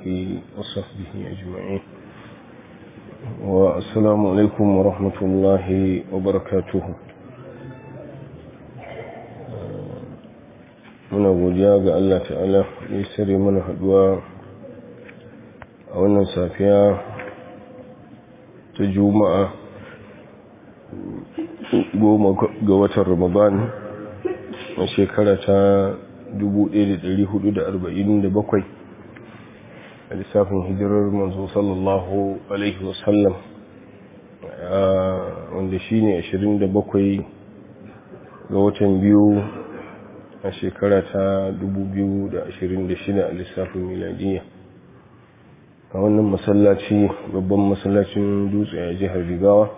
آله وصحبه أجمعين والسلام عليكم ورحمة الله وبركاته muna godiya ga Allah ta'ala ya sare mana haduwa a wannan safiya ta juma'a goma ga watan ramadan na shekara ta 1447 a lissafin hijirar manzo sallallahu alaihi wasallam wanda shi ne 27 ga watan biyu a shekara ta 2026 a lissafin miladiya a wannan masallaci babban masallacin dutse a jihar rigawa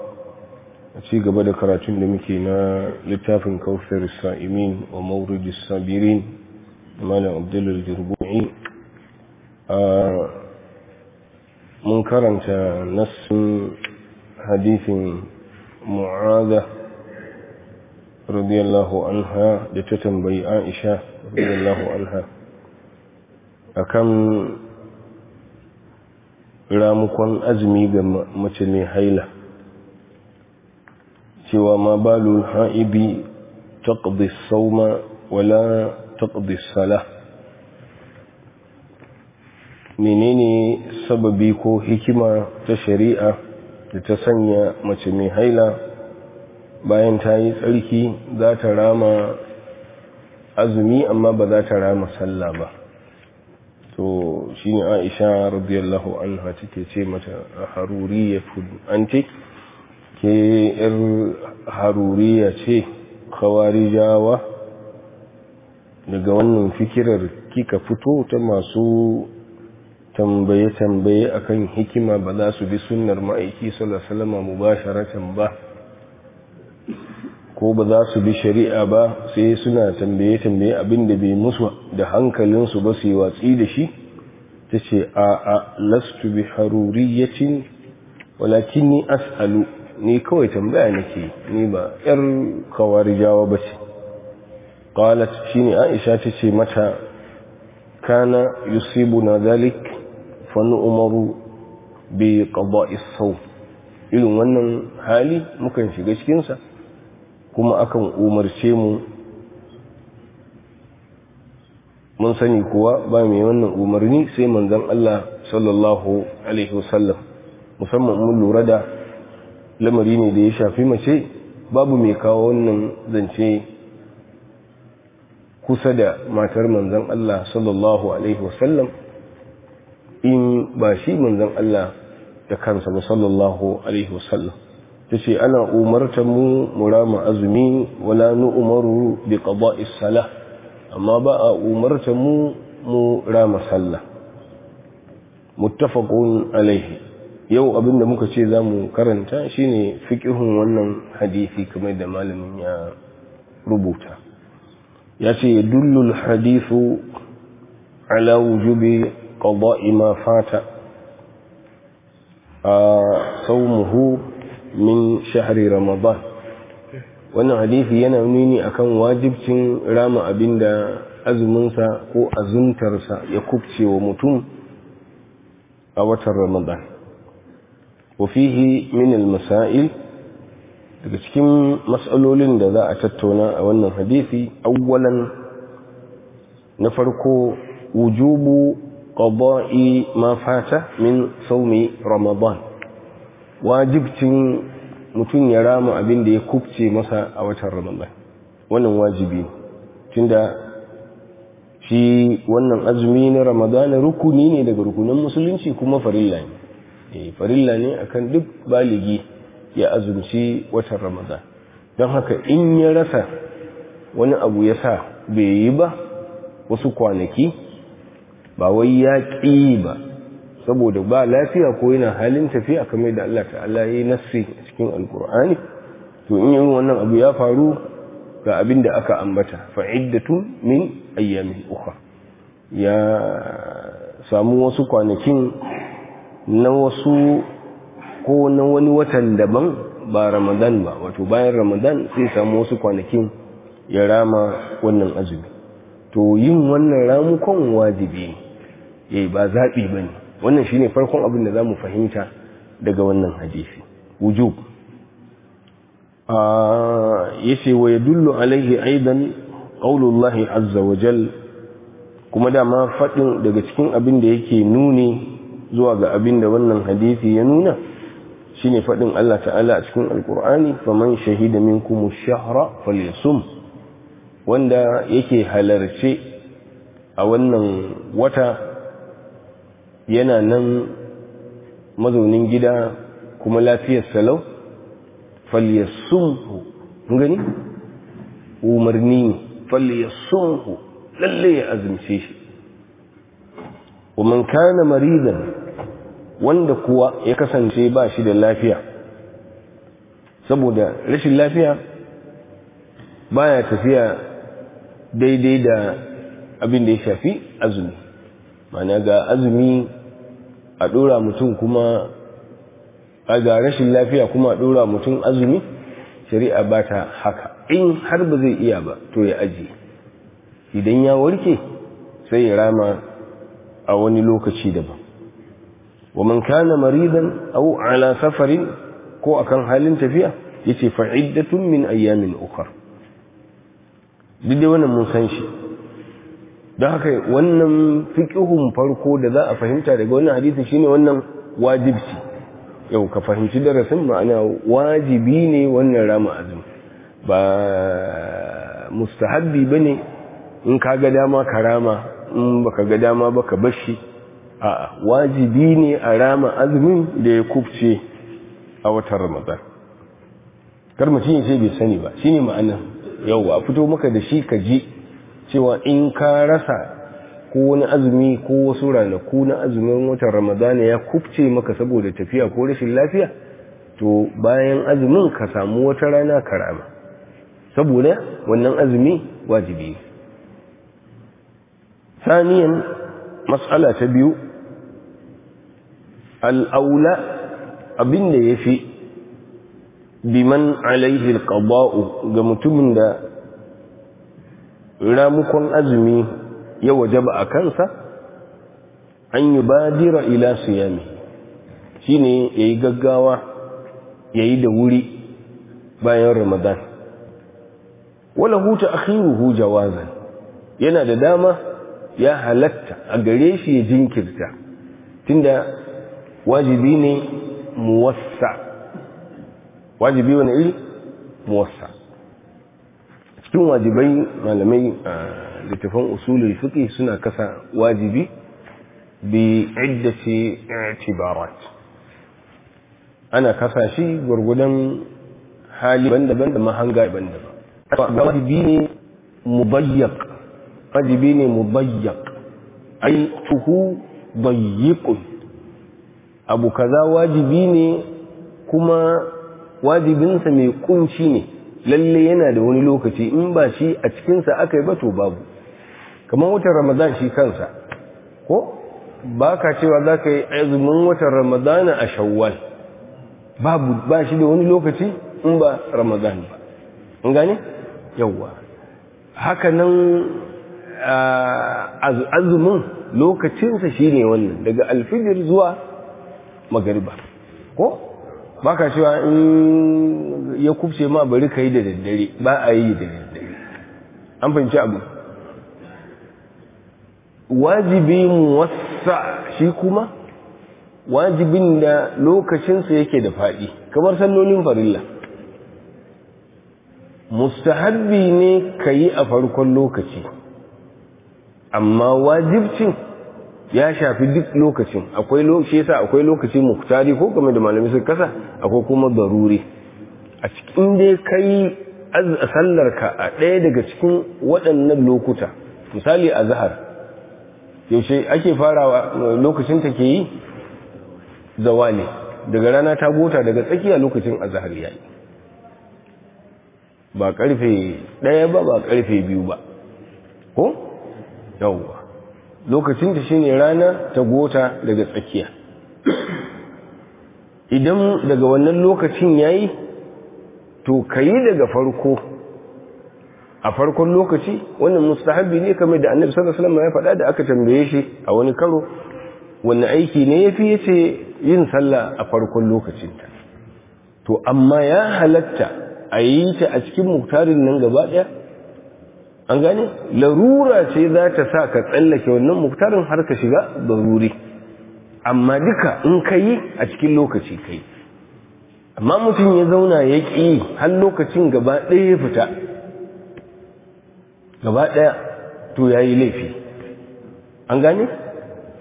a ci gaba da karatun da muke na littafin kawfir sa'imin wa mauridi sabirin malam abdullal jirbu'i mun karanta nassin hadithin mu'adha radiyallahu anha da ta tambayi aisha radiyallahu anha akan ramukon azumi ga mace mai haila cewa ma balul ha'ibi taqdi sauma wala taqdi salah menene sababi ko hikima ta shari'a da ta sanya mace mai haila bayan ta yi tsarki za ta rama azumi amma ba za ta rama sallah ba to shi ne Aisha radiyallahu anha cike ce mata haruriya anti ke yar haruriya ce kawari jawa daga wannan fikirar kika fito ta masu tambaye-tambaye akan hikima ba za su bi sunnar ma'aiki salasalama mu ba sharatan ba ko ba za su bi shari'a ba sai suna tambaye-tambaye da bai musu da hankalinsu ba su yi watsi da shi ta ce a a lastu bi haruriyacin walakin ni as'alu ni kawai tambaya nake ni ba yar kawarijawa ba ce qalat shine aisha tace mata kana yusibuna dalik. fannu umaru bi qada'i isau irin wannan hali mukan shiga cikinsa kuma akan umarce mu mun sani kuwa ba mai wannan umarni sai manzon Allah sallallahu alaihi wasallam musamman mun lura da lamari ne da ya shafi mace babu mai kawo wannan zance kusa da matar manzon Allah sallallahu alaihi wasallam in ba shi manzon Allah da kansa ba sallallahu alaihi wasallam ce ana umartar mu murama azumi wala nu umaru bi qada'is salah amma ba a umartar mu mu rama sallah muttafaqun alaihi yau abin da muka ce za mu karanta shine fiqihun wannan hadisi kamar da malamin ya rubuta ya ce dullul hadithu ala wujubi قضاء ما فات صومه من shahari ramadan wannan hadisi yana nuni akan wajibcin rama abin da azuminsa ko azumtarsa ya kubce wa mutum a watan ramadan wafihi min al-masail daga cikin matsalolin da za a tattauna a wannan hadisi awwalan na farko wujubu qada'i ma fata min saumi ramadan wajibcin mutum ya rama abin da ya kubce masa a watan ramadan wannan wajibi tunda shi wannan azumi na ramadan rukuni ne daga rukunin musulunci kuma farilla ne farilla ne akan duk baligi ya azumci watan ramadan don haka in ya rasa wani abu ya sa bai yi ba wasu kwanaki ba wai ya ƙi ba saboda ba lafiya ko yana halin tafiya kamar da Allah ta'ala ya yi nassi cikin alkur'ani to in yi wannan abu ya faru ga abin da aka ambata fa'iddatu min ayyamin uka. ya samu wasu kwanakin na wasu ko na wani watan daban ba ramadan ba wato bayan ramadan sai samu wasu kwanakin ya rama wannan azumi to yin wannan ramukon wajibi ne eh ba zaɓi ba ne wannan shi ne farkon abin da za mu fahimta daga wannan hadisi wujub ah, ce wa ya dullu alaihi aidan qaulullahi azza wa jal kuma dama faɗin daga cikin abin da yake nuni zuwa ga abin da wannan hadisi ya nuna shi ne faɗin Allah ta'ala a cikin alkur'ani faman shahida min kuma shahra falisum wanda yake halarce a wannan wata yana nan mazaunin gida kuma lafiyar salau falyassunhu gani umarni falyassunhu lalle ya azumce shi wa man kana wanda kuwa ya kasance ba shi da lafiya saboda rashin lafiya baya tafiya daidai da abin da ya shafi azumi mana ga azumi a ɗora mutum kuma a ga rashin lafiya kuma a ɗora mutum azumi shari'a ba ta haka in har ba zai iya ba to ya ajiye idan ya warke sai ya rama a wani lokaci daban man kana maridan Au ala safarin ko kan halin tafiya yace tun min ayyamin ukhra duk dai wannan mun san shi don haka wannan fiƙihun farko da za a fahimta daga wannan hadisi shine wannan wajibci yau ka fahimci darasin ma'ana wajibi ne wannan rama azum ba mustahabbi ne in ka ga dama ka rama in baka ga dama baka bashi a'a wajibi ne a rama azumin da ya kubce a watan ramadan kar mutum ya ce bai sani ba shine ma'ana yau a fito maka da shi ka je. cewa in ka rasa ko wani azumi ko wasu ranaku na azumin watan ramadana ya kubce maka saboda tafiya ko rashin lafiya to bayan azumin ka samu wata rana karama saboda wannan azumi wajibi saniyan ta biyu al'aula abinda ya fi biman alaihi alqada'u ga mutumin da ramukon azumi ya waje ba a kansa an yi badira ila siyami shi ne ya yi gaggawa ya yi da wuri bayan ramadan wala huta akhiruhu jawazan yana da dama ya halatta a gare shi ya jinkirta tunda wajibi ne muwassa wajibi wani iri muwassa cikin wajibai malamai tafan usulul fiqh suna kasa wajibi bi iddati i'tibarat ana kasa shi gurgudan hali daban-daban da mahanga daban-daban wajibi ne mubayyak wajibi ne mubayyak ai tuhu bayyiqun abu kaza wajibi ne kuma wajibinsa mai kunci ne lalle yana da wani lokaci in ba shi a cikinsa aka yi ba to babu kamar watan ramadan shi kansa ko ba ka cewa za ka yi azumin watan ramadana a shawwal babu ba shi da wani lokaci in ba ramadan ba in gane yawwa haka nan azumin lokacinsa shi ne wannan daga alfijir zuwa magariba ko ba ka cewa in ya kubce ma bari ka yi da daddare ba a yi da daddare an fahimci abu wajibi muwassa shi kuma wajibin da lokacinsa yake da faɗi kamar sallolin farilla mustahabbi ne ka yi a farkon lokaci amma wajibcin ya shafi duk lokacin akwai lokaci yasa akwai lokaci kutari ko kuma da malami sun kasa akwai kuma daruri a cikin dai kai sallar ka a ɗaya daga cikin waɗannan lokuta misali a zahar yaushe ake farawa lokacin ta ke yi zawali daga rana ta gota daga tsakiya lokacin azhar yayi ba karfe ɗaya ba ba karfe biyu ba ko yawwa lokacin ta shine rana ta gota daga tsakiya idan daga wannan lokacin yayi to yi daga farko a farkon lokaci wannan mustahabi ne kamar da annabi sallallahu alaihi wasallam ya faɗa da aka tambaye shi a wani karo wannan aiki ne yafi yace yin sallah a farkon lokacin ta to amma ya halatta a yi ta a cikin muktarin nan gaba ɗaya an gane larura ce za ta sa ka tsallake wannan muktarin har ka shiga daruri amma duka in ka yi a cikin lokaci ka yi amma mutum ya zauna ya ƙi har lokacin gaba ɗaya ya fita gaba ɗaya to ya yi laifi an gane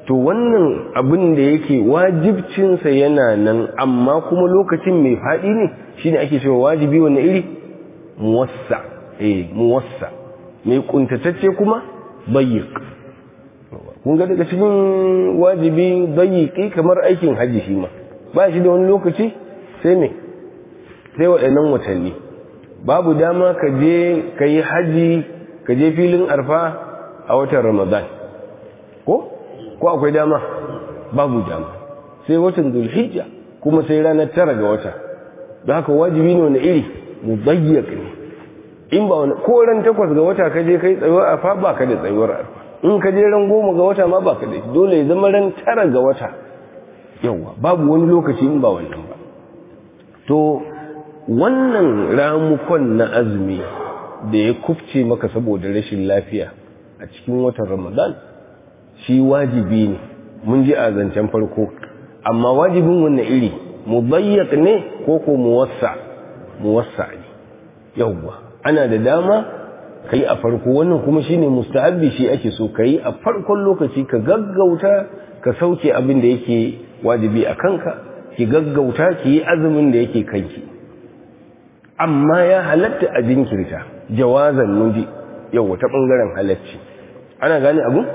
to wannan abin da yake wajibcinsa yana nan amma kuma lokacin mai faɗi ne shine ake cewa wajibi wani iri muwassa eh muwassa mai kuntatacce kuma bayyik kun ga daga cikin wajibi bayyiki kamar aikin hajji shi ma ba shi da wani lokaci sai me sai waɗannan watanni babu dama ka je ka yi hajji ka je filin arfa a watan ramadan ko ko akwai dama babu dama sai watan zulhijja kuma sai ranar tara ga wata da haka wajibi ne wani iri mu bayyaka ne in ba wani ko ran takwas ga wata ka je kai tsayuwar arfa ba ka da tsayuwar arfa in ka je ran goma ga wata ma ba ka da dole ya zama ran tara ga wata yawa babu wani lokaci in ba wannan ba to wannan ramukon na azumi da ya kufce maka saboda rashin lafiya a cikin watan ramadan shi wajibi ne mun ji a zancen farko amma wajibin wannan iri bayyana ne ko ko muwassa muwassa ne yauwa. ana da dama ka yi a farko wannan kuma shi ne mustahabbi shi ake so ka yi a farkon lokaci ka gaggauta ka sauke abin da yake wajibi a kanka ki gaggauta ki yi azumin da yake kanki amma ya halatta a jinkirta jawazan nuji yau ta bangaren halacci ana gane abu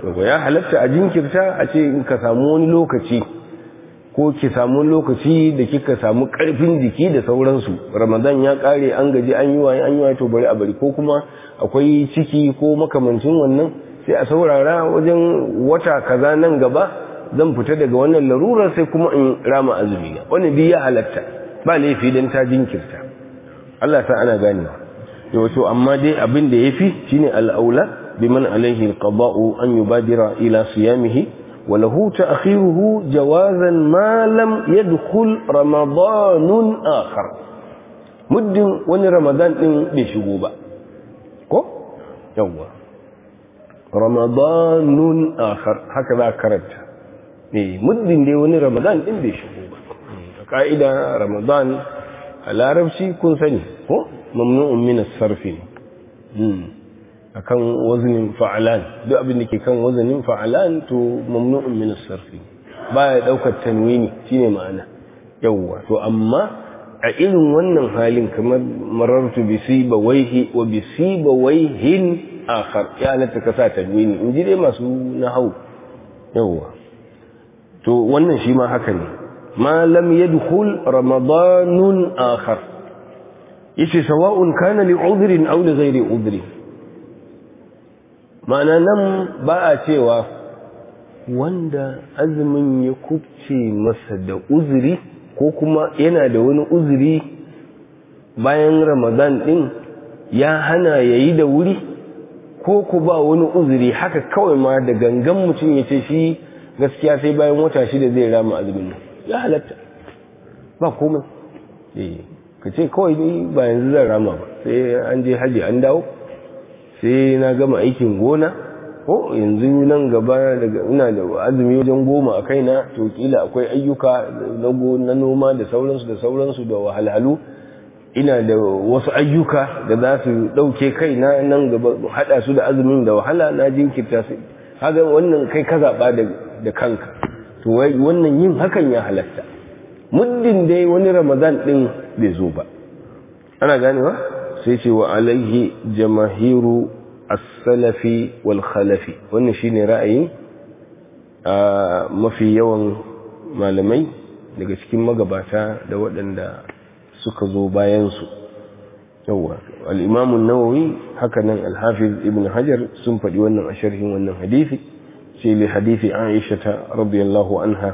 to ya halatta a jinkirta a ce in ka samu wani lokaci ko ki samu lokaci da kika samu karfin jiki da sauransu ramadan ya kare an gaji an yi wani an yi waye bari a bari ko kuma akwai ciki ko makamancin wannan sai a saurara wajen wata kaza nan gaba zan fita daga wannan larurar sai kuma in rama azumi na wani duk ya halatta ba laifi dan ta jinkirta Allah ta ana ganewa to wato amma dai abin da yafi shine al-aula biman alaihi al-qada'u an yubadira ila siyamihi وله تأخيره جوازا ما لم يدخل رمضان آخر مد ون رمضان بشغوبة كو يوه رمضان آخر هكذا كرت مد دي ون رمضان بشغوبة قائدة رمضان العرب شي كن سني ممنوع من الصرف مم. akan waznin fa'alan duk abin da ke kan wazanin fa'alan to mamnu'un min as ya baya daukar tanwini shine ma'ana yawwa to amma a irin wannan halin kamar marartu bi sibawaihi wa bi sibawaihin akhar ya halatta ka sa tanwini in ji dai masu nahau yawwa to wannan shi ma haka ne Malam lam yadkhul ramadanun akhar yace sawa'un kana li udhrin aw li ghairi udhrin ma'ana nan ba a cewa wanda azumin ya kubce masa da uzuri ko kuma yana da wani uzuri bayan ramadan din ya hana ya yi da wuri ko ku ba wani uzuri haka kawai ma da gangan mutum ya ce shi gaskiya sai bayan wata shida zai rama azumin ya halatta ba komai eh, ka ce kawai ba yanzu zan rama ba sai an je haji an dawo sai na gama aikin gona ko yanzu nan gaba daga ina da azumi wajen goma a kaina to kila akwai ayyuka na noma da sauransu da sauransu da wahalhalu ina da wasu ayyuka da za su ɗauke kaina nan gaba haɗa su da azumin da wahala na jinkirta su haga wannan kai ka zaɓa da kanka to wannan yin hakan ya halatta muddin dai wani ramadan ɗin bai zo ba ana ganewa sai ce wa alaihi jamahiru as-salafi wal khalafi wannan shine ra'ayi a mafi yawan malamai daga cikin magabata da waɗanda suka zo bayan su yawa al-imam nawawi haka nan al-hafiz ibn hajar sun faɗi wannan a sharhin wannan hadisi sai li hadisi aisha radiyallahu anha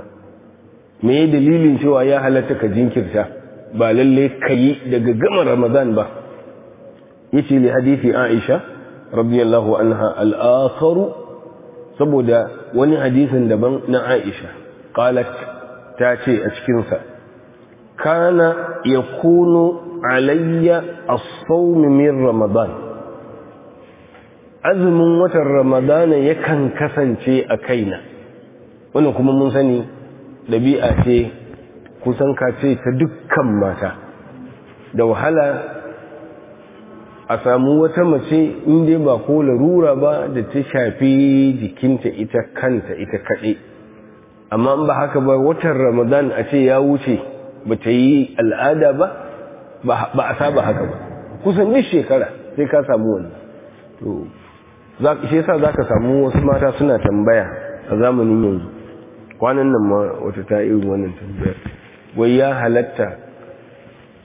me dalilin cewa ya halatta ka jinkirta ba lalle kayi daga gama ramadan ba yace li hadisi Aisha radiyallahu anha al saboda wani hadisin daban na Aisha qalat ta ce a cikin sa kana yakunu alayya as-sawm min ramadan azumin watan ramadana yakan kasance a kaina wannan kuma mun sani dabi'a ce kusan kace ta dukkan mata da wahala a samu wata mace inda ba ko larura ba da ta shafi jikinta ita kanta ita kaɗe amma in ba haka ba watan ramadan a ce ya wuce ba ta yi al'ada ba ba a saba haka ba kusan duk shekara sai ka samu wannan to shi yasa za ka samu wasu mata suna tambaya a zamanin yanzu kwanan nan ma wata ta irin wannan tambayar wai ya halatta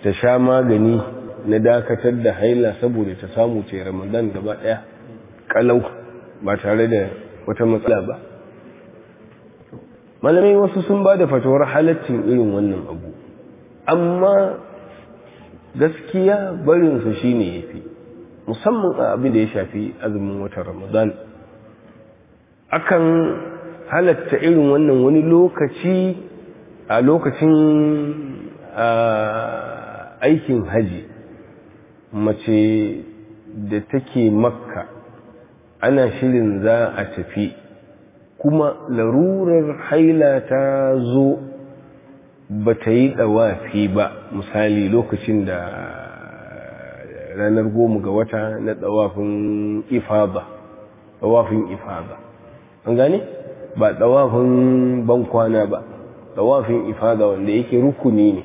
ta sha magani na dakatar da haila saboda ta samu ce ramadan gaba daya kalau ba tare da wata matsala ba malamai wasu sun ba da fatawar halaccin irin wannan abu amma gaskiya barinsa shi ne ya fi musamman a abin da ya shafi azumin wata ramadan akan halatta irin wannan wani lokaci a lokacin aikin hajji. mace da take makka ana shirin za a tafi kuma larurar haila ta zo ba ta yi ɗawafi ba misali lokacin da ranar goma ga wata na ɗawafin ifaba ɗawafin ifaba an gane ba ɗawafin bankwana ba ɗawafin ifada wanda yake rukuni ne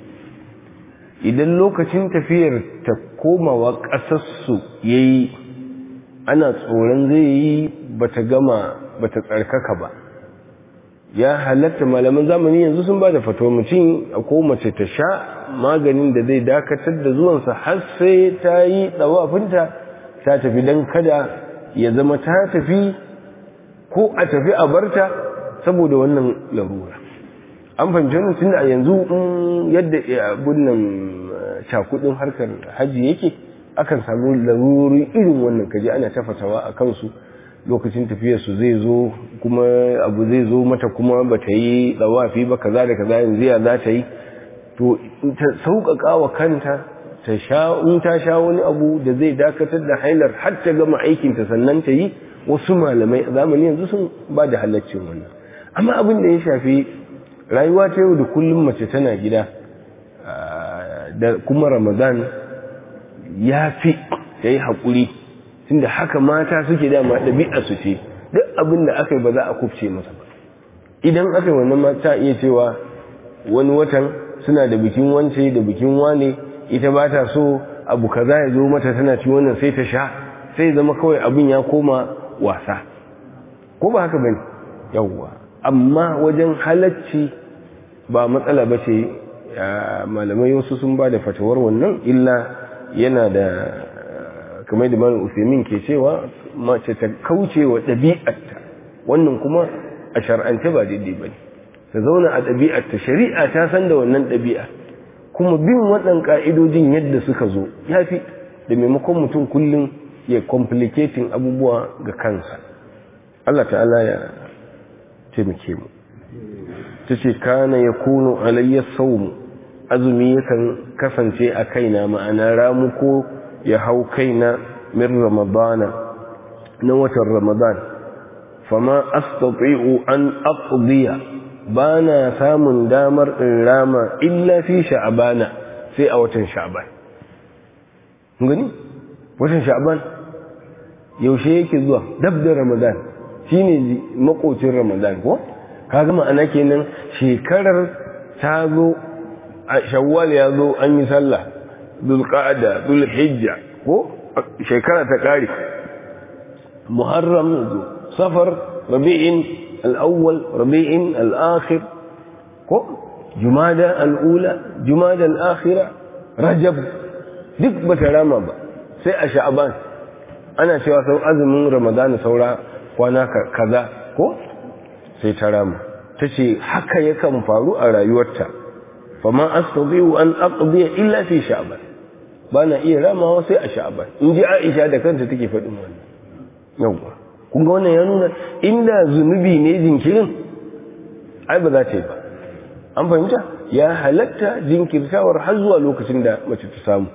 idan lokacin tafiyar ta komawa ƙasarsu ya yi ana tsoron zai yi bata gama bata tsarkaka ba ya halatta malaman zamani yanzu sun ba da fatuwa mutum a komace ta sha maganin da zai dakatar da zuwansa har sai ta yi ɗawafinta ta tafi don kada ya zama ta tafi ko a tafi a barta saboda wannan larura an fahimci wannan tunda a yanzu mm, yadda eh, abun nan cakudin eh, harkar hajji yake akan samu larurori irin wannan kaji ana tafasawa a kansu lokacin tafiyar su zai zo kuma abu zai zo mata kuma ba ta yi dawafi ba kaza da kaza yanzu ya za ta yi to ta sauƙaƙa wa kanta ta sha in ta sha wani abu da zai dakatar da hailar har ta gama aikinta sannan ta yi wasu malamai zamani yanzu sun ba da halaccin wannan amma abin da ya shafi rayuwa ta yau da kullum mace tana gida da kuma ramadan ya fi ta yi haƙuri tunda haka mata suke dama ɗabi'a su ce duk abin da aka yi ba za a kufce masa ba idan aka yi wannan mata iya cewa wani watan suna da bikin wance da bikin wane ita ba ta so abu kaza ya zo mata tana ci wannan sai ta sha sai zama kawai abin ya koma wasa ko ba haka bane yawwa amma wajen halacci ba matsala ba ce malamai wasu sun ba da fatawar wannan illa yana da kamar da malin usaimin ke cewa mace ta kauce wa ɗabi'arta wannan kuma a shar'ance ba daidai ba ne ta zauna a ɗabi'arta shari'a ta san da wannan ɗabi'a kuma bin waɗan ƙa'idojin yadda suka zo ya fi da maimakon mutum kullum ya complicating abubuwa ga kansa Allah ta'ala ya taimake mu ta kana ya kuno alayya saumu azumi yakan kasance a kaina ma'ana ramuko ya hau kaina min ramadana na watan ramadan fama astati'u an aqdiya na samun damar in rama illa fi sha'bana sai a watan sha'ban gani watan sha'ban yaushe yake zuwa dab da ramadan shine makocin ramadan ko kaga ma'ana kenan shekarar ta zo shawwal ya zo an yi sallah dulqa'ada dulhijja ko shekara ta kare muharram zo safar rabi'in al-awwal rabi'in al-akhir ko jumada al-ula jumada al-akhira rajab duk ba ta rama ba sai a sha'ban ana cewa sau azumin ramadana saura kwana kaza ko sai ta rama ta ce haka yakan faru a rayuwarta faman astadiyu an aqdiya illa fi sha'ban bana iya ramawa sai a sha'ban in ji Aisha da kanta take faɗin wannan yawa kun ga wannan ya nuna inda zunubi ne jinkirin ai ba za ta yi ba an fahimta ya halatta jinkirtawar har zuwa lokacin da mace ta samu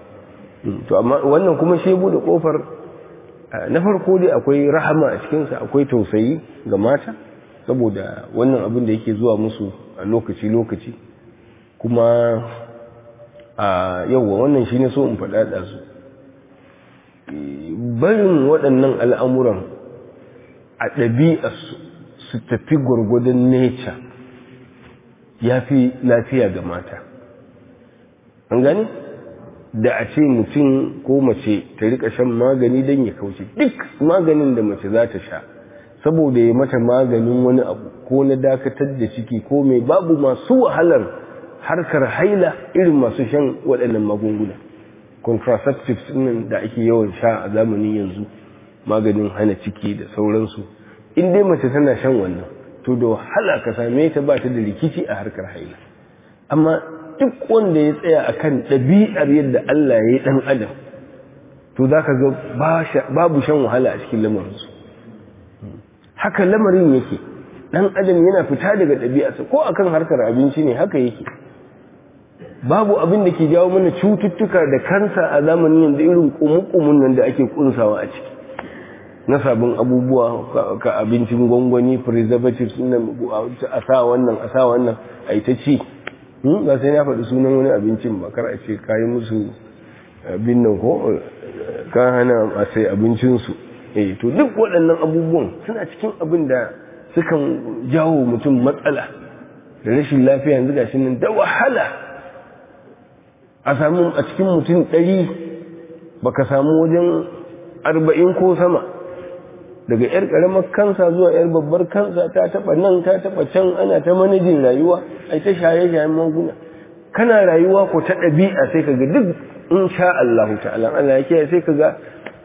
mm, to amma wannan kuma shi bude kofar eh, na farko dai akwai rahama a cikinsa akwai tausayi ga mata saboda wannan abin da yake zuwa musu a lokaci-lokaci kuma a yauwa wannan shi ne so in faɗaɗa su barin waɗannan al'amuran a ɗabi'a su tafi gwargwadon neca ya fi lafiya ga mata an gani da a ce mutum ko mace ta riƙa shan magani don ya kauce duk maganin da mace za ta sha saboda ya mata maganin wani abu ko na dakatar da ciki ko mai babu masu wahalar harkar haila irin masu shan waɗannan magunguna contraceptives ɗin da ake yawan sha a zamanin yanzu maganin hana ciki da sauransu in dai mace tana shan wannan to da wahala ka same ta ba ta da rikici a harkar haila amma duk wanda ya tsaya a kan ɗabi'ar yadda Allah ya yi ɗan adam to za ka ga babu shan wahala a cikin lamarinsu haka lamarin yake dan adam yana fita daga ɗabi'arsa ko akan harkar abinci ne haka yake babu abin da ke jawo mana cututtuka da kansa a zamanin yanzu irin kumukumun nan da ake kunsawa a ciki na sabon abubuwa ka abincin gwangwani preservatives a sa wannan a sa wannan a yi ta ci hmm? ba sai na faɗi sunan wani abincin ba kar a ce yi musu abin nan ko ka hana a sai abincinsu Eh, to duk waɗannan abubuwan suna cikin abin da sukan jawo mutum matsala da rashin lafiya yanzu gashi nan da wahala a samu a cikin mutum ɗari baka samu wajen arba'in ko sama daga yar karamar kansa zuwa yar babbar kansa ta taba nan ta taba can ana ta manajin rayuwa ai ta shaye shayen maguna kana rayuwa ko ta ɗabi'a sai ka ga duk in sha Allah ta'ala Allah ya kiyaye sai kaga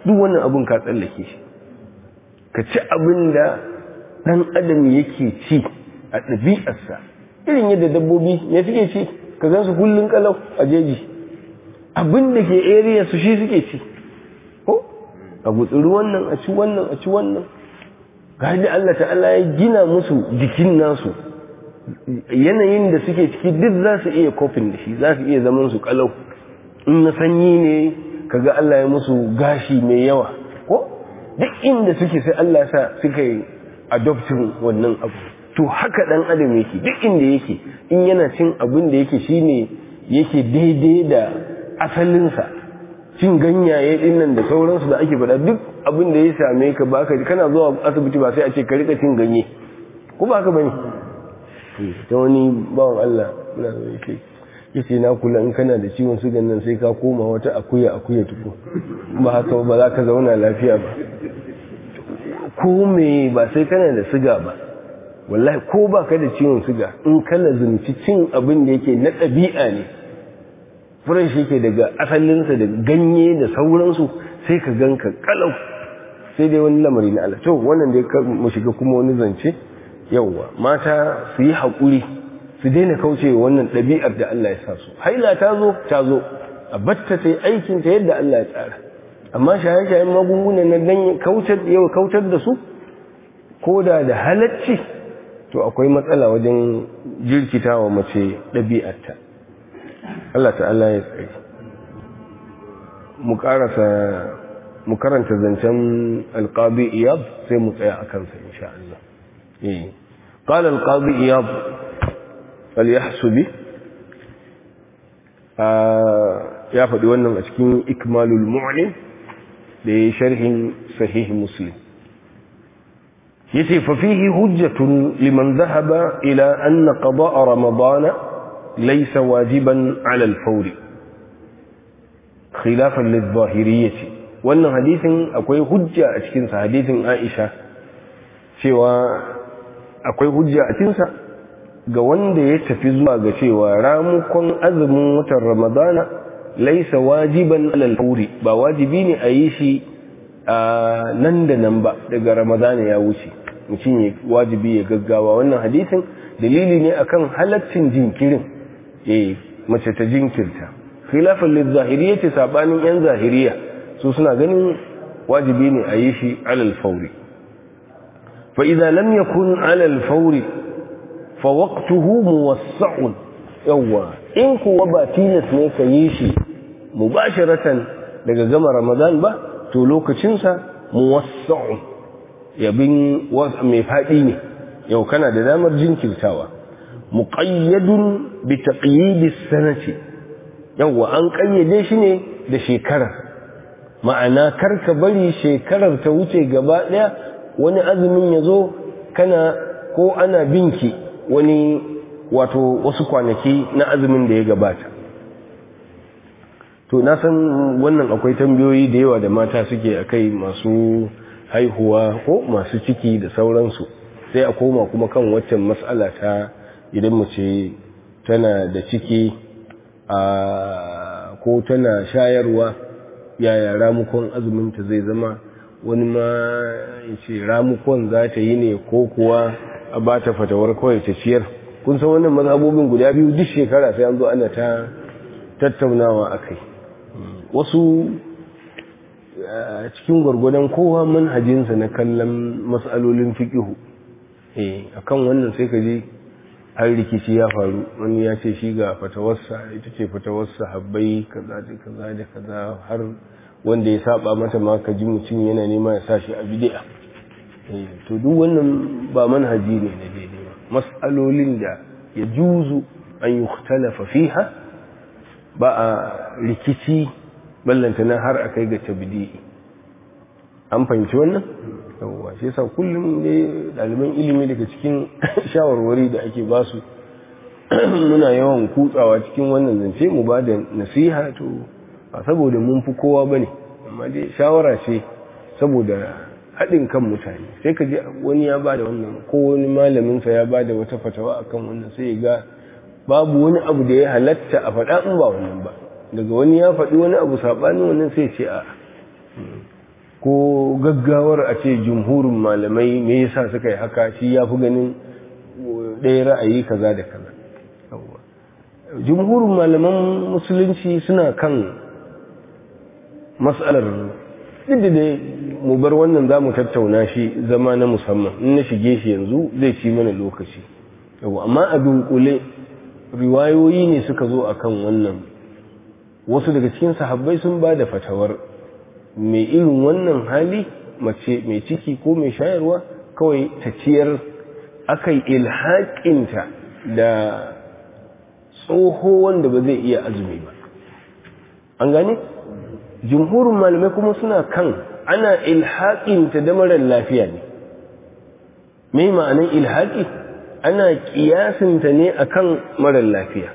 duk wannan abun ka tsallake shi ka ci abin da ɗan adam yake ci a ɗabi'arsa irin yadda dabbobi ya suke ci ka gan su kullun kalau a jeji abin da ke area su shi suke ci ko a gutsuri wannan a ci wannan a ci wannan ga da Allah ta'ala ya gina musu jikin nasu yanayin da suke ciki duk za su iya kofin da shi za su iya zaman su kalau in na sanyi ne kaga Allah ya musu gashi mai yawa ko duk inda suke sai Allah sa suka yi adoptin wannan abu to haka dan adam yake duk inda yake in yana cin abin da yake shine yake daidai da asalinsa cin ganyaye din nan da sauransu da ake faɗa duk abin da ya same ka baka kana zuwa asibiti ba sai a ce ka rika cin ganye ko ba ka bane to wani bawon Allah yake yace na kula in kana da ciwon sugan nan sai ka koma wata akuya akuya tuku ba haka ba za ka zauna lafiya ba ko me ba sai kana da suga ba wallahi ko ba ka da ciwon suga in ka lazumci cin abin da yake na ɗabi'a ne shi ke daga asalinsa da ganye da sauransu sai ka ganka kalau sai dai wani lamari na Allah to wannan dai mu shiga kuma wani zance yauwa mata su yi haƙuri su daina kauce wannan ɗabi'ar da Allah ya sa su haila ta zo ta zo a batta ta aikin ta yadda Allah ya tsara amma shaye-shayen magunguna na dan kautar yau kautar da su ko da da halacci to akwai matsala wajen jirkitawa mace ɗabi'arta Allah ta'ala ya tsare mu karanta zancen alqabi iyab sai mu tsaya a kansa insha Allah قال القاضي إياب falyahsubi ya faɗi wannan a cikin ikmalul mu'lim da ya sharhin sahih muslim yace fa fihi hujjatun liman dhahaba ila anna qada'a ramadana laysa wajiban 'ala al-fawr khilafan lidh wannan hadithin akwai hujja a cikin sa Aisha cewa akwai hujja a cikin ga wanda ya tafi zuwa ga cewa ramukon azumin watan ramadana laisa wajiban alal ba wajibi ne a yi shi a nan da nan ba daga ramadana ya wuce mutum ya wajibi ya gaggawa wannan hadisin dalili ne akan halaccin jinkirin E, mace ta jinkirta khilafan lil ce sabanin yan zahiriya su suna ganin wajibi ne a yi shi alal fauri fa lam yakun alal fa waqtuhu muwassa'un yawa in kuwa ba tilas ne ka yi shi mubasharatan daga gama ramadan ba to lokacinsa muwassa'un yabin mai fadi ne yau kana da damar jinkirtawa muqayyadun bi as sanati yawa an kayyade shi ne da shekara ma'ana karka bari shekarar ta wuce gaba daya wani azumin ya zo kana ko ana binki wani wato wasu kwanaki na azumin da ya gabata to na san wannan akwai tambayoyi da yawa da mata suke akai masu haihuwa ko masu ciki da sauransu sai a koma kuma kan waccan matsala ta idan mace tana da ciki a ko tana shayarwa yaya ramukon azuminta zai zama wani ma in ce ramukon za ta yi ne ko kuwa a ba ta fatawar kawai ta ciyar kun san wannan mazhabobin guda biyu duk shekara sai an zo ana ta tattaunawa a kai wasu eh, cikin gwargwadon kowa manhajinsa na kallon matsalolin fikihu. Eh, a kan wannan sai ka je har rikici ya faru wani ya ce shi ga fatawarsa ita ce fatawarsa habbai kaza da kaza da kaza har wanda ya saba mata ma ka ji mutum yana nema ya sa shi a bidiya eh, to duk wannan ba manhaji ne na daidai ba mas'alolin da ya juzu an yi yukhtalafa fiha ba a rikici ballanta na har a kai ga tabidi an fahimci wannan yawwa shi yasa kullum ne ɗaliban ilimi daga cikin shawarwari da ake basu muna yawan kutsawa cikin wannan zance mu ba da nasiha to ba saboda mun fi kowa ba ne amma dai shawara ce saboda haɗin kan mutane sai ka ji wani ya bada wannan ko wani malaminsa ya bada wata fatawa akan wannan sai ga babu wani abu da ya halatta a faɗa in ba wannan ba daga wani ya faɗi wani abu saɓanin wannan sai ce a ko gaggawar a ce jumhurin malamai me yasa suka yi haka shi ya fi ganin ɗaya ra'ayi kaza da kaza jumhurin malaman musulunci suna kan matsalar duk mu bar wannan za mu tattauna shi zama na musamman in na shige shi yanzu zai ci mana lokaci yau amma a dunkule riwayoyi ne suka zo a kan wannan wasu daga cikin sahabbai sun ba da fatawar mai irin wannan hali mace mai ciki ko mai shayarwa kawai ta ciyar yi ilhaƙinta da tsoho wanda ba zai iya azumi ba an gane jumhurin malamai kuma suna kan ana ilhaƙin ta da marar lafiya ne mai ma'anin ilhaƙi ana ƙiyasinta ne a kan marar lafiya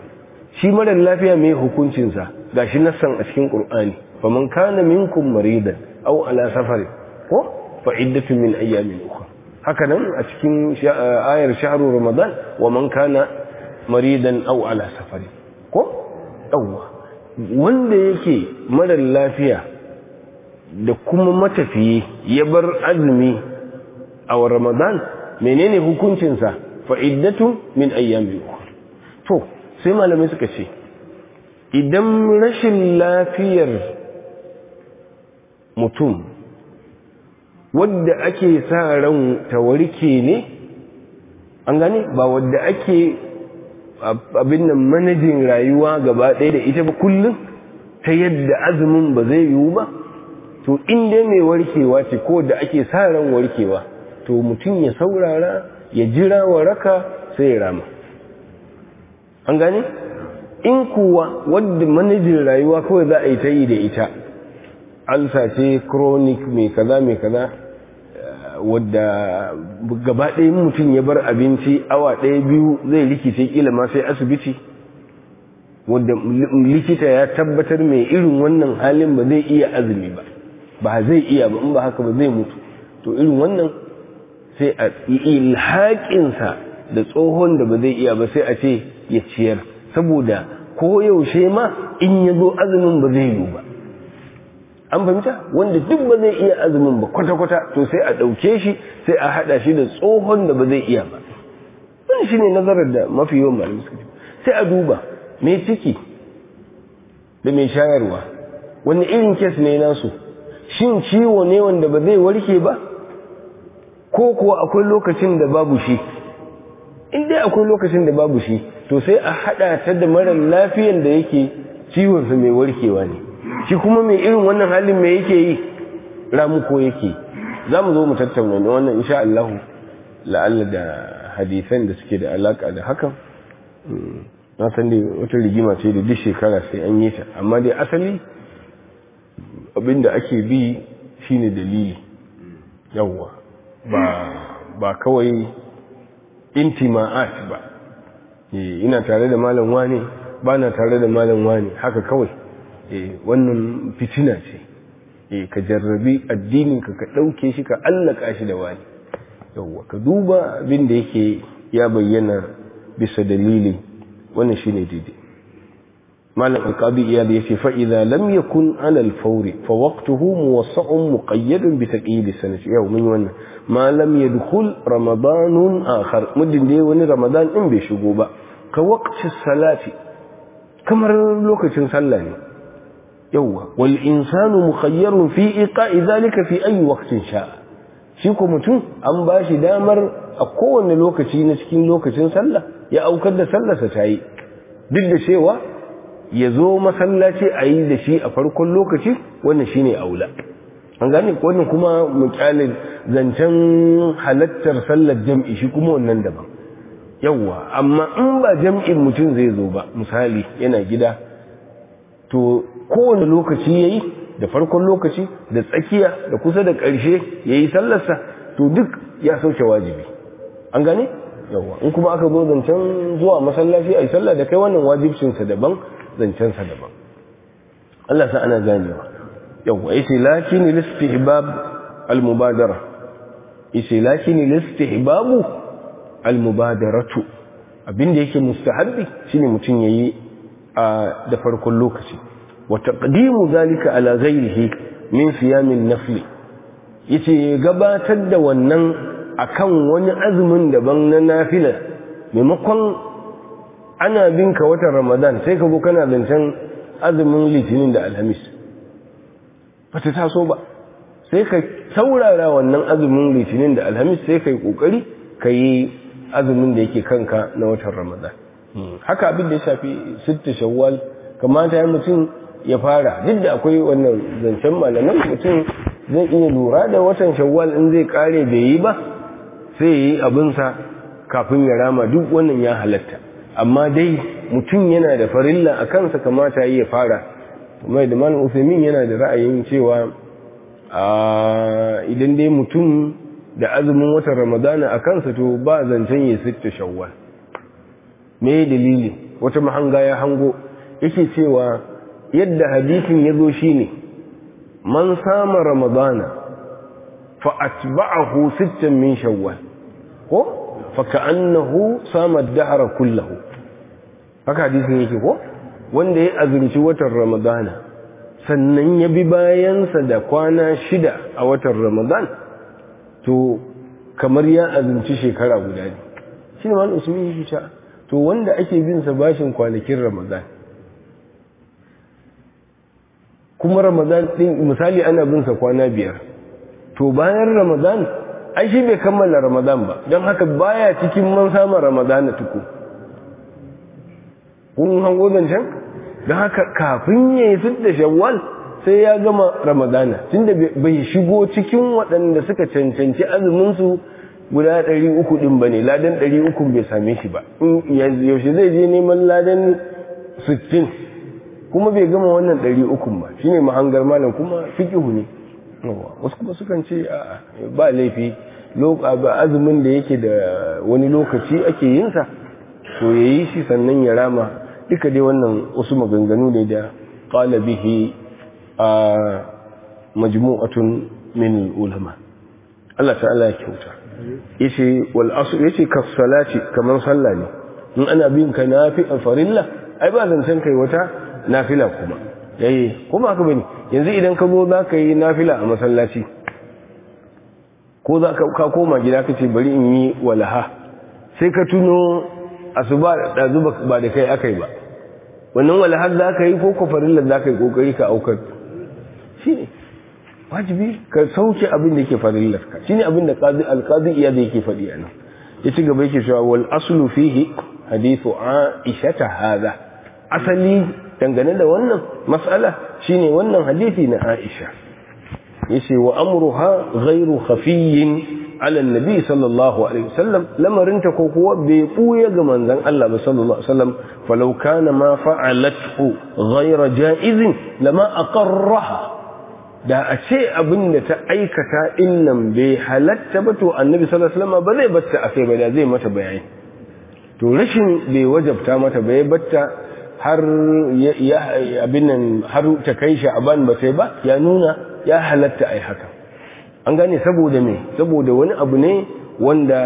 shi marar lafiya mai hukuncinsa ga shi nassan a cikin ƙur'ani fa man kana minkum maridan aw ala safarin ko fa iddatu min ayyamin ukhra haka nan a cikin ayar shahru ramadan wa man kana maridan aw ala safarin ko yawwa wanda yake marar lafiya da kuma matafiye ya bar azumi a wa ramadan menene hukuncinsa fa'iddatu min biyu? to sai malamai suka ce idan rashin lafiyar mutum wadda ake sa ran ta ne an gane ba wadda ake abin nan manajin rayuwa gaba ɗaya da ita ba kullum ta yadda azumin ba zai yiwu ba to inda mai warkewa ce ko da ake sa ran warkewa to mutum ya saurara ya jira waraka sai ya rama an gane in kuwa wadda manajin rayuwa kawai za a yi ta yi da ita an sace chronic mai kaza mai kaza wadda gaba ɗaya mutum ya bar abinci awa ɗaya biyu zai rikice kila ma sai asibiti wadda likita ya tabbatar mai irin wannan halin ba zai iya azumi ba ba zai iya ba in ba haka ba zai mutu to irin wannan sai a ilhaƙinsa da tsohon da ba zai iya ba sai a ce ya ciyar saboda koyaushe ma in ya zo azumin ba zai yi ba an fahimta wanda duk ba zai iya azumin ba kwata-kwata to sai a ɗauke shi sai a haɗa shi da tsohon da ba zai iya ba wani shi ne nazarar da mafi yawan malamai suka sai a duba mai ciki da mai shayarwa wani irin kes ne nasu shin ciwo ne wanda ba zai warke ba ko kuwa akwai lokacin da babu shi in dai akwai lokacin da babu shi to sai a haɗa ta da marar lafiyan da yake ciwonsa mai warkewa ne shi kuma mai irin wannan halin me yake yi ramuko yake za mu zo mu tattauna da wannan insha Allah la'alla da hadisan da suke da alaka da hakan mm, na san dai wata rigima ce da duk shekara sai an yi ta amma dai asali abinda ake bi shine dalili yawwa ba ba kawai intima'at ba eh, ina tare da malam wane ba na tare da malam ne haka kawai Eh, wannan fitina ce eh, ka jarrabi addininka ka ɗauke shi ka allaka shi da wani yauwa ka duba abin da yake ya bayyana bisa dalili wannan shine daidai malam alkabi iyad ya fa idza lam yakun ala al-fawr fa waqtuhu muwassa'un muqayyadun bi taqyid sanati yau mun wannan ma lam yadkhul ramadanun akhar muddin dai wani ramadan din bai shigo ba ka waqti salati kamar lokacin sallah ne yawwa wal insanu mukhayyarun fi iqa'i zalika fi ayi waqtin sha'a shi ko mutum an ba shi damar a kowane lokaci na cikin lokacin sallah ya aukar da sallarsa ta yi duk da cewa ya zo masallaci a yi da shi a farkon lokaci wannan shine aula an gane ko wannan kuma mukyale zancen halattar sallar jam'i shi kuma wannan daban yawwa amma in ba jam'in mutum zai zo ba misali yana gida to kowane lokaci ya yi da farkon lokaci da tsakiya da kusa da ƙarshe ya yi sallarsa to duk ya sauke wajibi an gane Yawwa. in kuma aka zo zancen zuwa masallaci yi sallah da kai wannan wajibcinsa daban zancensa daban Allah sa ana ganewa yawa yace lakin listihbab almubadara yace lakin listihbabu almubadaratu abinda yake mustahabbi shine ya yayi da farkon lokaci وتقديم ذلك zalika ala من min النفل nafli yace gabatar da wannan akan wani azumin daban na nafila maimakon ana binka watan ramadan sai ka go kana zancen azumin litinin da alhamis ba ta taso ba sai ka saurara wannan azumin litinin da alhamis sai ka yi kokari ka yi azumin da yake kanka na watan ramadan haka abin da ya shafi sitta shawwal kamata ya mutum ya fara duk da akwai wannan zancen malaman mutum zai iya lura da watan shawwal in zai kare bai yi ba sai ya yi abinsa kafin ya rama duk wannan ya halatta amma dai mutum yana da farilla a kansa kamata ya fara kuma da malam usaimin yana da ra'ayin cewa a idan dai mutum da azumin watan ramadana a kansa to ba zancen ya sitta shawwal me dalili wata mahanga ya hango yake cewa yadda hadithin ya zo shi ne man sama ramadana fa atba'ahu sittin min shawwal ko fa ka'annahu sama dahara kulla kullahu haka ya yake ko wanda ya azirci watan ramadana sannan ya bi bayansa da kwana shida a watan ramadan to kamar ya azumci shekara guda ne shi ne ma usman yake to wanda ake bin sa bashin kwanakin ramadan kuma ramadan din misali ana bin sa kwana biyar to bayan ramadan ai shi bai kammala ramadan ba don haka baya cikin man samun ramadan tuku kun hango zancen don haka kafin ya yi da shawwal sai ya gama ramadana tunda bai shigo cikin waɗanda suka cancanci azuminsu guda ɗari uku ɗin ba ne ladan ɗari uku bai same shi ba yaushe zai je neman ladan sittin kuma bai gama wannan ɗari ukun ba ne mahangar malam kuma fikihu ne wasu kuma sukan ce ba laifi azumin da yake da wani lokaci ake yinsa to ya yi shi sannan ya rama duka dai wannan wasu maganganu ne da ƙala bihi a majmu'atun min ulama Allah ta'ala ya kyauta yace wal asr yace ce kaman sallah ne in ana bin ka nafi farilla ai ba zan san kai wata nafila kuma eh kuma haka bani yanzu idan ka zo za ka yi nafila a masallaci ko za ka koma gida ka ce bari in yi walaha sai ka tuno asuba da zuba ba da kai akai ba wannan walaha za ka yi ko da za ka yi kokari ka aukar shi ne wajibi ka sauke abin da yake farillar ka ne abin da qazi al-qazi iya da yake faɗi anan ya ci gaba yake cewa wal aslu fihi hadithu aisha ta hadha asali dangane da wannan mas'ala shine wannan hadisi na Aisha yace wa amruha ghairu khafiyyin ala annabi sallallahu alaihi wasallam lamarinta ko kuwa bai buya ga manzon Allah ba sallallahu alaihi wasallam falau kana ma fa'alatu ghayra ja'izin lama aqarraha da a ce abin da ta aikata innan bai halatta ba to annabi sallallahu alaihi wasallam ba zai batta a kai ba da zai mata bayani to rashin bai wajabta mata bai batta har ya abin har ta kai sha'aban ba sai ba ya nuna ya halatta ai haka an gane saboda me saboda wani abu ne wanda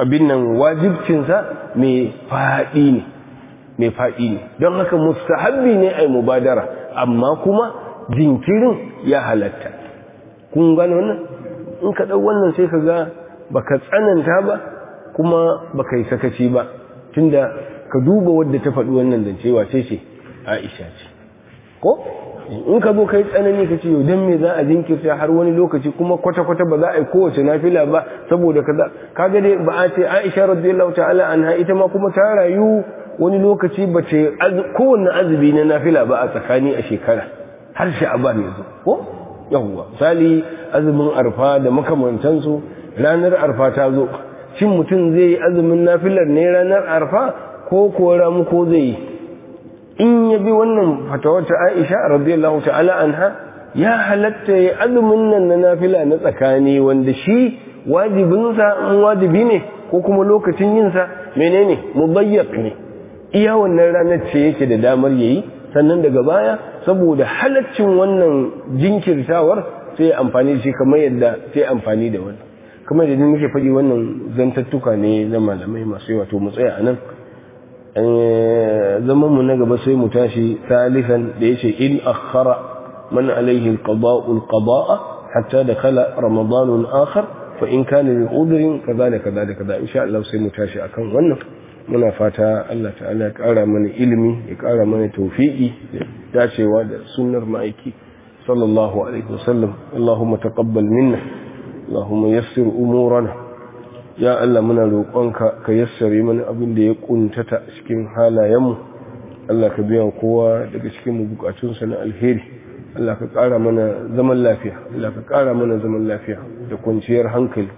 abin nan wajibcinsa mai faɗi ne mai faɗi ne don haka mustahabbi ne ai mubadara amma kuma jinkirin ya halatta kun gano wannan in ka ɗau wannan sai ka ga baka tsananta ba kuma baka yi sakaci ba tunda ka duba wadda ta faɗi wannan zance wace ce Aisha ce ko in ka zo kai tsanani ka ce dan me za a jinkirta har wani lokaci kuma kwata-kwata ba za a yi kowace nafila ba saboda za ka dai ba a ce Aisha radiyallahu ta'ala anha ita ma kuma ta rayu wani lokaci ba ce kowanne azubi na nafila ba a tsakani a shekara har ba ne zo ko yawwa sali azumin arfa da makamantansu ranar arfa ta zo shin mutum zai yi azumin nafilar ne ranar arfa ko kuwa ramu ko zai yi in ya bi wannan fatawar ta aisha radiyallahu ta'ala anha ya halatta ya azumin nan na nafila na tsakani wanda shi wajibinsa in wajibi ne ko kuma lokacin yinsa menene mubayyak ne iya wannan ranar ce yake da damar yayi sannan daga baya saboda halaccin wannan jinkirtawar sai amfani da shi kamar yadda sai amfani da wani kuma da muke faɗi wannan zantattuka ne na malamai masu yawa to mu tsaya a nan eh, zaman mu na gaba sai mu tashi salifan da yace in akhara man alaihi alqada'u alqada'a hatta dakala ramadan akhar fa in kana bi udrin kaza kaza kaza insha Allah sai mu tashi akan wannan muna fata Allah ta'ala ya ƙara mana ilimi ya kara mana tawfiqi dacewa da sunnar ma'aiki sallallahu alaihi wasallam Allahumma taqabbal minna Allahumma yassir umurana ya Allah muna roƙonka ka yassare mana abin da ya kuntata cikin halayenmu Allah ka biya kowa daga cikin bukatunsa na alheri Allah ka ƙara mana zaman lafiya Allah ka ƙara mana zaman lafiya da kwanciyar hankali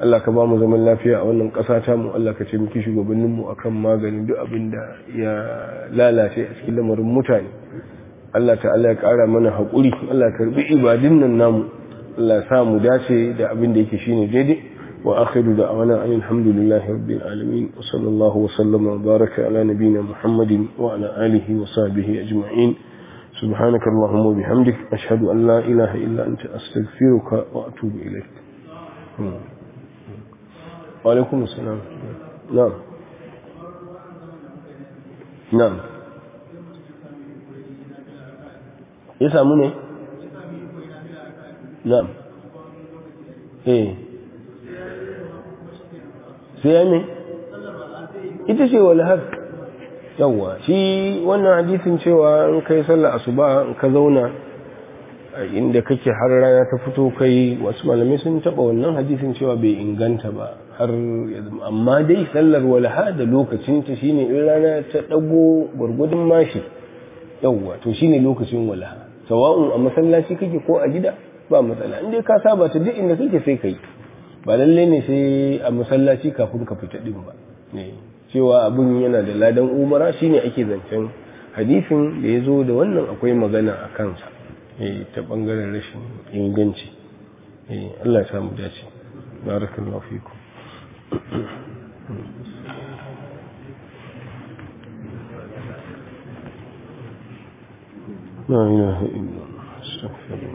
Allah ka ba mu zaman lafiya a wannan ƙasa ta mu Allah ka ce miki shugabanninmu akan magani duk abin da ya lalace a cikin lamarin mutane Allah ta'ala ya ƙara mana haƙuri Allah karbi ibadin nan namu Allah mu dace da abin da yake shine daidai wa akhiru da awana alhamdulillahi rabbil alamin wa sallallahu wa sallama wa baraka ala nabiyyina muhammadin wa ala alihi wa sahbihi ajma'in سبحانك اللهم وبحمدك أشهد أن لا إله إلا أنت أستغفرك وأتوب إليك وعليكم السلام نعم نعم يسامونه na'am eh sai ita ce wal har yawa shi wannan hadisin cewa in kai sallar asuba in ka zauna inda kake har rana ta fito kai wasu malamai sun taba wannan hadisin cewa bai inganta ba har amma dai sallar walha da lokacinta shine in rana ta dago gurgudun mashi yawa to shine lokacin walha sawa'un a masallaci kake ko a gida ba matsala in dai ka saba ta duk inda kake sai kai ba lalle ne sai a masallaci kafin ka fita din ba eh, cewa abun yana da ladan umara shine ake zancen hadisin da ya zo da wannan akwai magana a kansa eh, ta bangaren rashin inganci eh, Allah ya samu dace barakallahu fikum لا إله إلا الله الله